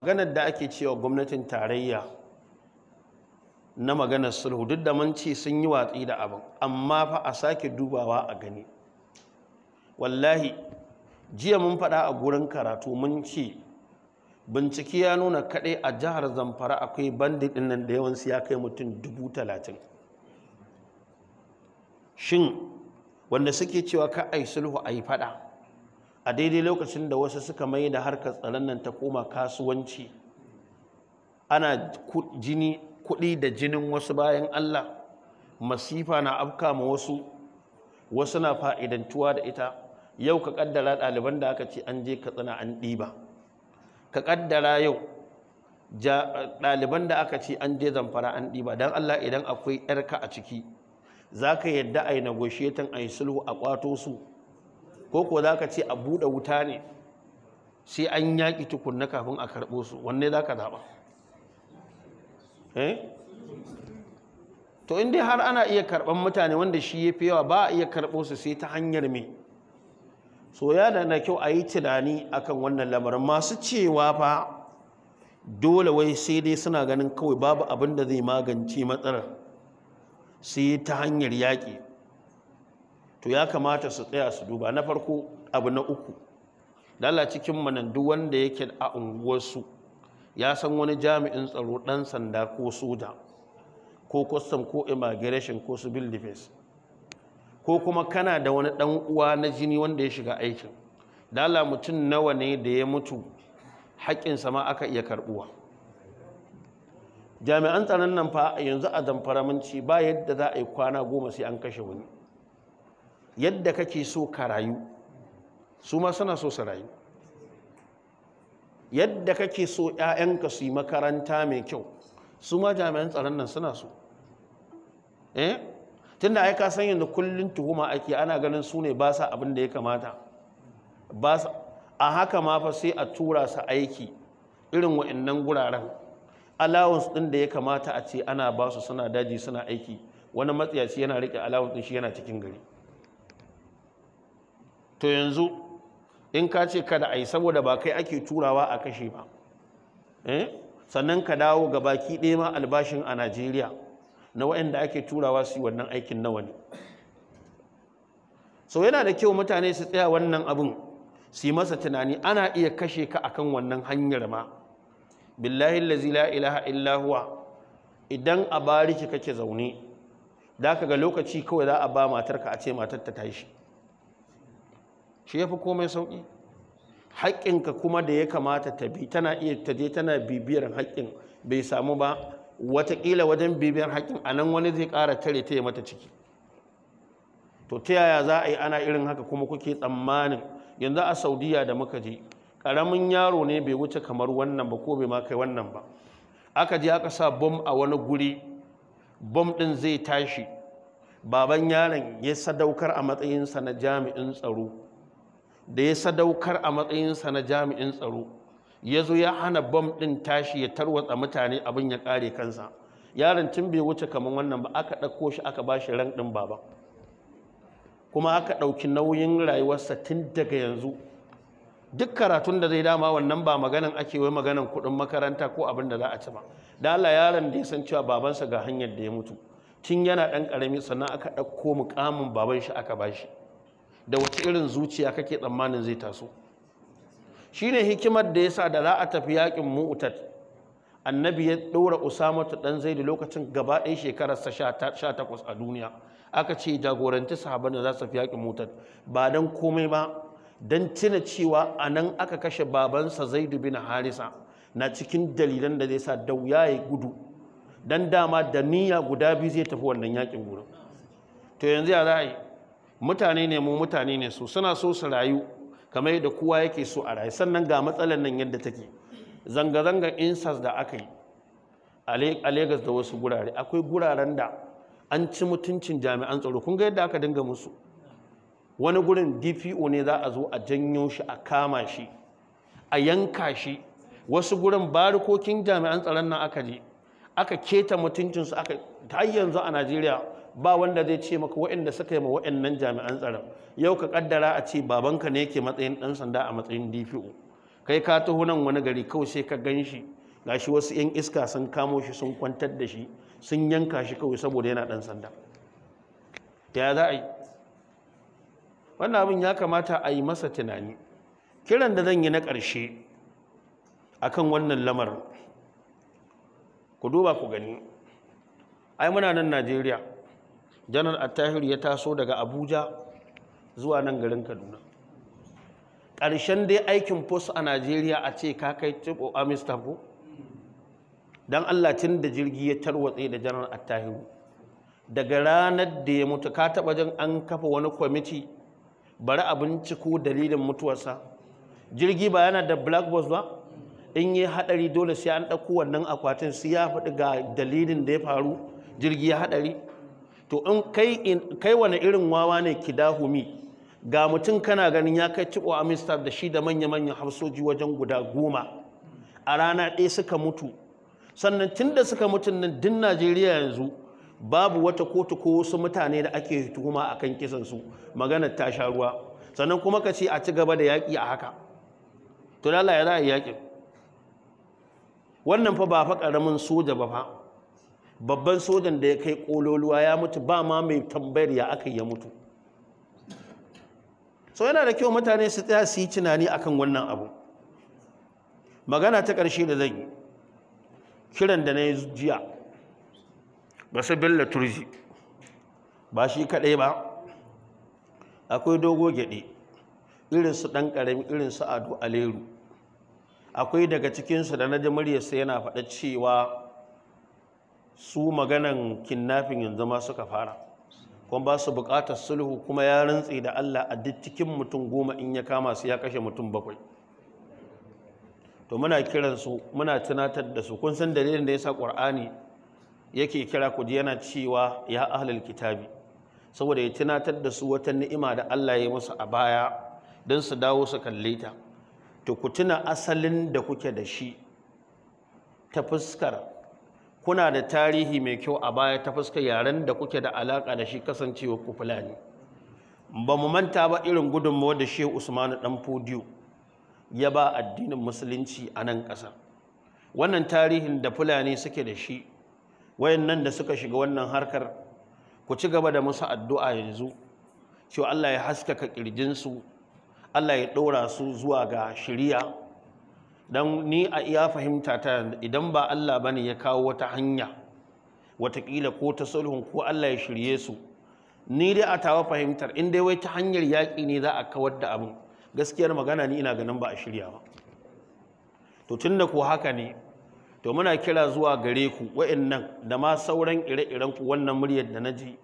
maganar da ake cewa gwamnatin tarayya na maganar sulhu duk da mun ce sun yi watsi da abin amma fa a sake dubawa a gani wallahi jiya mun faɗa a gurin karatu mun ce bincike ya nuna kaɗai a jihar zamfara akwai bandit ɗin nan da yawansu ya kai mutum dubu talatin shin wanda suke cewa ka ai sulhu a yi faɗa a daidai lokacin da wasu suka mai da harkar tsaron nan ta koma kasuwanci ana jini kuɗi da jinin wasu bayan Allah masifa na afka ma wasu wasu na fa'idantuwa da ita yau ka ƙaddara ɗaliban da aka ce an je ka tsana an ɗiba ka ƙaddara yau ɗaliban da aka ce an je zamfara an ɗiba don Allah idan akwai ‘yarka a ciki za ka yadda a yi negotiating a yi sulhu a ƙwato su ko ko za ka ce a buɗe wuta ne sai an yaƙi tukunna kafin a karɓo su wanne za ka zaɓa eh? to inda har ana iya karɓar mutane wanda shi ya fi yawa ba a iya karɓo su sai ta hanyar mai soya da na kyau a yi tunani akan wannan lamarin masu cewa fa dole wai sai dai suna ganin kawai babu abin da zai magance matsalar sai ta hanyar yaƙi to ya kamata su tsaya su duba na farko abu na uku lalla cikin manan wanda yake a unguwarsu ya san wani jami'in tsaro dan sanda ko soja ko custom ko immigration ko civil defense ko kuma kana da wani dan uwa na jini wanda ya shiga aikin lalla mutum nawa ne da ya mutu haƙƙinsa sama aka iya karɓuwa jami'an tsaron nan fa yanzu a ci, ba yadda za a yi kwana goma sai an kashe wani yadda kake so ka rayu su ma suna so su rayu yadda kake so 'ya'yanka su yi makaranta mai kyau su ma jami'an tsaron nan suna so eh tunda ai ka san yanzu kullun tuhuma ake ana ganin su ne ba sa abin da ya kamata a haka ma fa sai a tura su aiki irin wa'annan guraren allowance din da ya kamata a ce ana ba su suna daji suna aiki wani matsiyaci yana rike allowance din shi yana cikin gari to yanzu in ka ce kada a yi saboda ba kai ake turawa a kashe ba eh? sannan ka dawo ga baki ɗaya ma albashin a najeriya na waɗanda ake turawa su yi wannan aikin nawa ne sau yana da kyau mutane su tsaya wannan abin su yi masa tunani ana iya kashe ka a kan wannan hanyar ma billahi lazi la ilaha illahuwa idan a bariki kake zaune da ka ga lokaci kawai za a ba matarka a ce matar ta tashi shi ya fi komai sauƙi haƙƙinka kuma da ya kamata ta bi tana iya ta je tana bibiyar haƙƙin bai samu ba watakila wajen bibiyar haƙƙin a nan wani zai ƙara tare ta yi mata ciki to ta yaya za a yi ana irin haka kuma kuke tsammanin yanzu a saudiya da muka je ƙaramin yaro ne bai wuce kamar wannan ba ko bai ma kai wannan ba aka je aka sa bom a wani guri bom ɗin zai tashi baban yaron ya sadaukar a matsayinsa na jami'in tsaro da ya sadaukar a matsayinsa na jami'in tsaro ya zo ya hana bom ɗin tashi ya tarwatsa mutane abin ya ƙare kansa yaron tun bai wuce kamar wannan ba aka ɗauko shi aka ba shi ran ɗin baba kuma aka ɗauki nauyin rayuwarsa tun daga yanzu duk karatun da zai dama wannan ba maganan ake wai maganan kuɗin makaranta ko abin da za a ci ba da Allah yaron da ya san cewa babansa ga hanyar da ya mutu tun yana ɗan ƙarami sannan aka ɗauko muƙamin baban shi aka ba shi da wace irin zuciya kake tsammanin zai taso shine hikimar da yasa da za a tafi yakin motar annabi ya ɗora usama ta ɗan zai lokacin gaba ɗaya shekararsa sha takwas a duniya aka ce jagoranci sahaban da za su fi yakin mutar ba don komai ba don tuna cewa a nan aka kashe babansa zaidu bin harisa na cikin dalilan da zai sa dauya ya gudu don dama da niyya guda biyu zai tafi wannan yakin gurin to yanzu ya za a yi mutane ne mu mutane ne su suna so su rayu kamar yadda kowa yake so a rayu sannan ga matsalar nan yadda take zanga-zangar insas da aka yi a Legas da wasu gurare akwai guraren da an ci mutuncin jami'an tsaro kun ga yadda aka dinga musu wani gurin dpo ne za a zo a janyo shi a kama shi a yanka shi wasu gurin barikokin jami'an tsaron nan aka je aka keta mutuncinsu aka ta yanzu a najeriya ba wanda zai ce maka waɗanda suka yi ma waɗannan jami'an tsaron yau ka kaddara a ce babanka ne ke matsayin ɗan sanda a matsayin DPO kai ka taho nan wani gari kawai sai ka gan shi gashi wasu 'yan iska sun kamo shi sun kwantar da shi sun yanka shi kawai saboda yana dan sanda ya za a wannan abin ya kamata a yi masa tunani kiran da zan yi na karshe akan wannan lamar ku duba ku gani ai muna nan najeriya janar attahir ya taso daga abuja zuwa nan garin kaduna ƙarshen dai aikin post a najeriya a ce ka kai cibo amista ko don allah da jirgi ya tarwatse da janar attahiru daga ranar da ya mutu ka taba jan an kafa wani kwamiti bari a binciko dalilin mutuwarsa jirgi ba yana da black box ba in yi haɗari dole sai an ɗauko wannan akwatin su ya faɗi ga dalilin da ya faru jirgi ya haɗari to in kai kai wani irin wawa ne ki kidahumi ga mutum kana ganin ya kai tibo a da shi da manya-manyan hafsoji wajen guda goma a rana ɗaya suka mutu sannan tun da suka mutu nan din najeriya yanzu babu wata kotu ko wasu mutane da ake tuhuma a kan kisansu maganar ta sha ruwa sannan kuma ka ce a ci gaba da yaƙi a haka to ya za a yi yaƙi wannan fa ba fa ƙaramin soja ba fa babban sojan da ya kai kololuwa ya mutu ba ma mai tambayar ya aka ya mutu so yana da kyau mutane su tsaya su yi tunani akan wannan abu magana ta ƙarshe da zan yi kiran da na yi jiya ba su billa turji ba shi kaɗai ba akwai dogo gyaɗe irinsu ɗan ƙarami irinsu ado aleru akwai daga cikinsu da na ji muryarsa yana faɗa cewa su maganan kinnafin yanzu ma suka fara kuma ba su buƙatar sulhu kuma ya rantse da Allah a duk cikin mutum goma in ya kama su ya kashe mutum bakwai to muna kiran su muna tunatar da su kun san dalilin da yasa Qur'ani yake kira ku yana cewa ya ahlul kitabi saboda ya tunatar da su wata ni'ima da Allah ya musu a baya dan su dawo su kalle ta to ku tuna asalin da kuke da shi ta fuskar kuna da tarihi mai kyau a baya ta fuska yaren da kuke da alaka da shi kasancewa ku fulani ba mu manta ba irin gudunmawa da shehu usmanu dan fudiyo ya ba addinin musulunci a nan ƙasa wannan tarihin da fulani suke da shi wayannan da suka shiga wannan harkar ku ci gaba da musu addu'a yanzu cewa Allah ya haskaka su Allah ya ɗora su zuwa ga shiriya dan ni a iya fahimta ta idan ba Allah bane ya kawo wata hanya watakila ko ta sulhun ko Allah ya shirye su ni dai a tawa fahimtar in dai wai ta hanyar yaƙi ne za a kawar da abin gaskiyar magana ni ina ganin ba a shirya ba to tunda ko haka ne to muna kira zuwa gare ku wa'annan da ma sauran ire-iren ku wannan muryar da na naji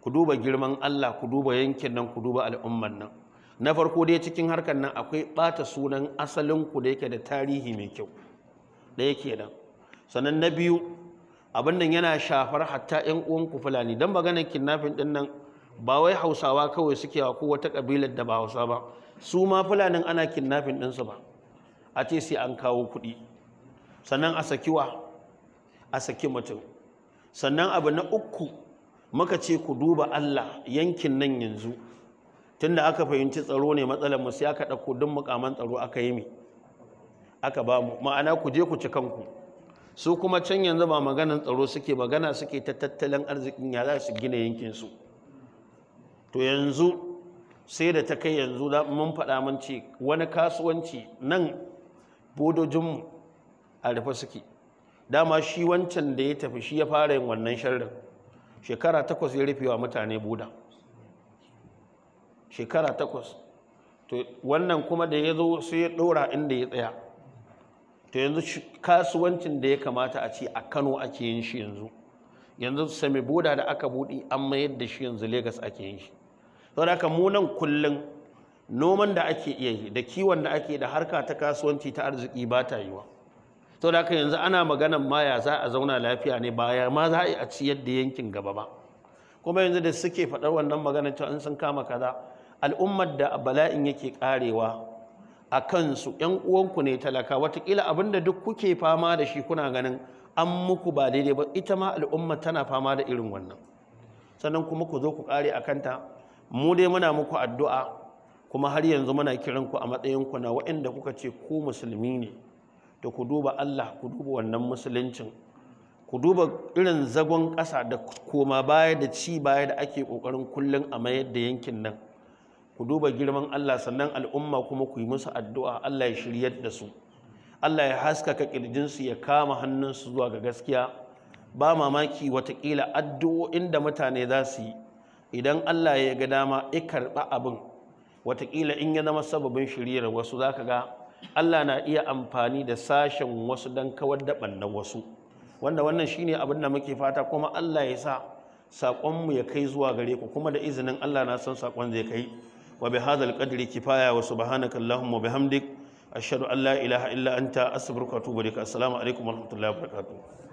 ku duba girman Allah ku duba yankin nan ku duba al'umman nan na farko dai cikin harkar nan akwai ɓata sunan asalin ku da yake da tarihi mai kyau da yake nan sannan na biyu abin nan yana shafar hatta yan uwan ku fulani dan maganar kidnapping din nan ba wai hausawa kawai suke wa ko wata kabilar da ba hausa ba su ma fulanin ana kidnapping din ba a ce sai an kawo kuɗi sannan a sakiwa a saki mutum sannan abu na uku muka ce ku duba Allah yankin nan yanzu tun da aka fahimci tsaro ne matsalar mu sai aka dauko duk mukaman tsaro aka yi mi aka ba mu ma'ana ku je ku ci kanku su kuma can yanzu ba maganan tsaro suke magana suke ta tattalin arzikin ya za su gina yankin su to yanzu sai da ta kai yanzu mun faɗa mun ce wani kasuwanci nan bodojinmu a rufe suke dama shi wancan da ya tafi shi ya fara yin wannan sharrin shekara takwas ya rufewa mutane buda shekara takwas wannan kuma da ya zo sai ya ɗora inda ya tsaya to yanzu kasuwancin da ya kamata a ce a kano ake yin shi yanzu yanzu sami boda da aka buɗe an mayar da shi yanzu Legas ake yin shi saboda haka mu nan kullum noman da ake iya yi da kiwon da ake da harka ta kasuwanci ta arziki ba ta yi yiwa saboda haka yanzu ana maganan maya za a zauna lafiya ne ba ya ma za a yi a ci yadda yankin gaba ba kuma yanzu da suke faɗar wannan maganar cewa in sun kama kaza al'ummar da bala'in yake karewa a kansu ‘yan uwanku ne talaka watakila abinda duk kuke fama da shi kuna ganin an muku ba daidai ba ita ma al'umma tana fama da irin wannan sannan kuma ku zo ku kare a kanta mu dai muna muku addu'a kuma har yanzu muna kiran ku a matsayinku na waɗanda kuka ce ku musulmi ne To ku duba Allah ku duba wannan musuluncin ku duba irin zagon ƙasa da koma baya da ci baya da ake ƙoƙarin kullum a mayar da yankin nan ku duba girman Allah sannan al'umma kuma ku yi musu addu'a Allah ya shiryar da su Allah ya haskaka ƙirjinsu ya kama hannunsu zuwa ga gaskiya ba mamaki watakila addu'o'in da mutane za su yi idan Allah ya ga dama ya karɓa abin watakila in ya zama sababin shiryar wasu za ka ga Allah na iya amfani da sashen wasu don kawar da ɓannan wasu wanda wannan shi ne abin da muke fata kuma Allah ya sa saƙonmu ya kai zuwa gare ku kuma da izinin Allah na san saƙon zai kai wa bihadha alqadri kifaya wa subhanaka allahumma wa bihamdik ashhadu an la ilaha illa anta astaghfiruka wa atubu ilaik assalamu alaikum wa rahmatullahi wa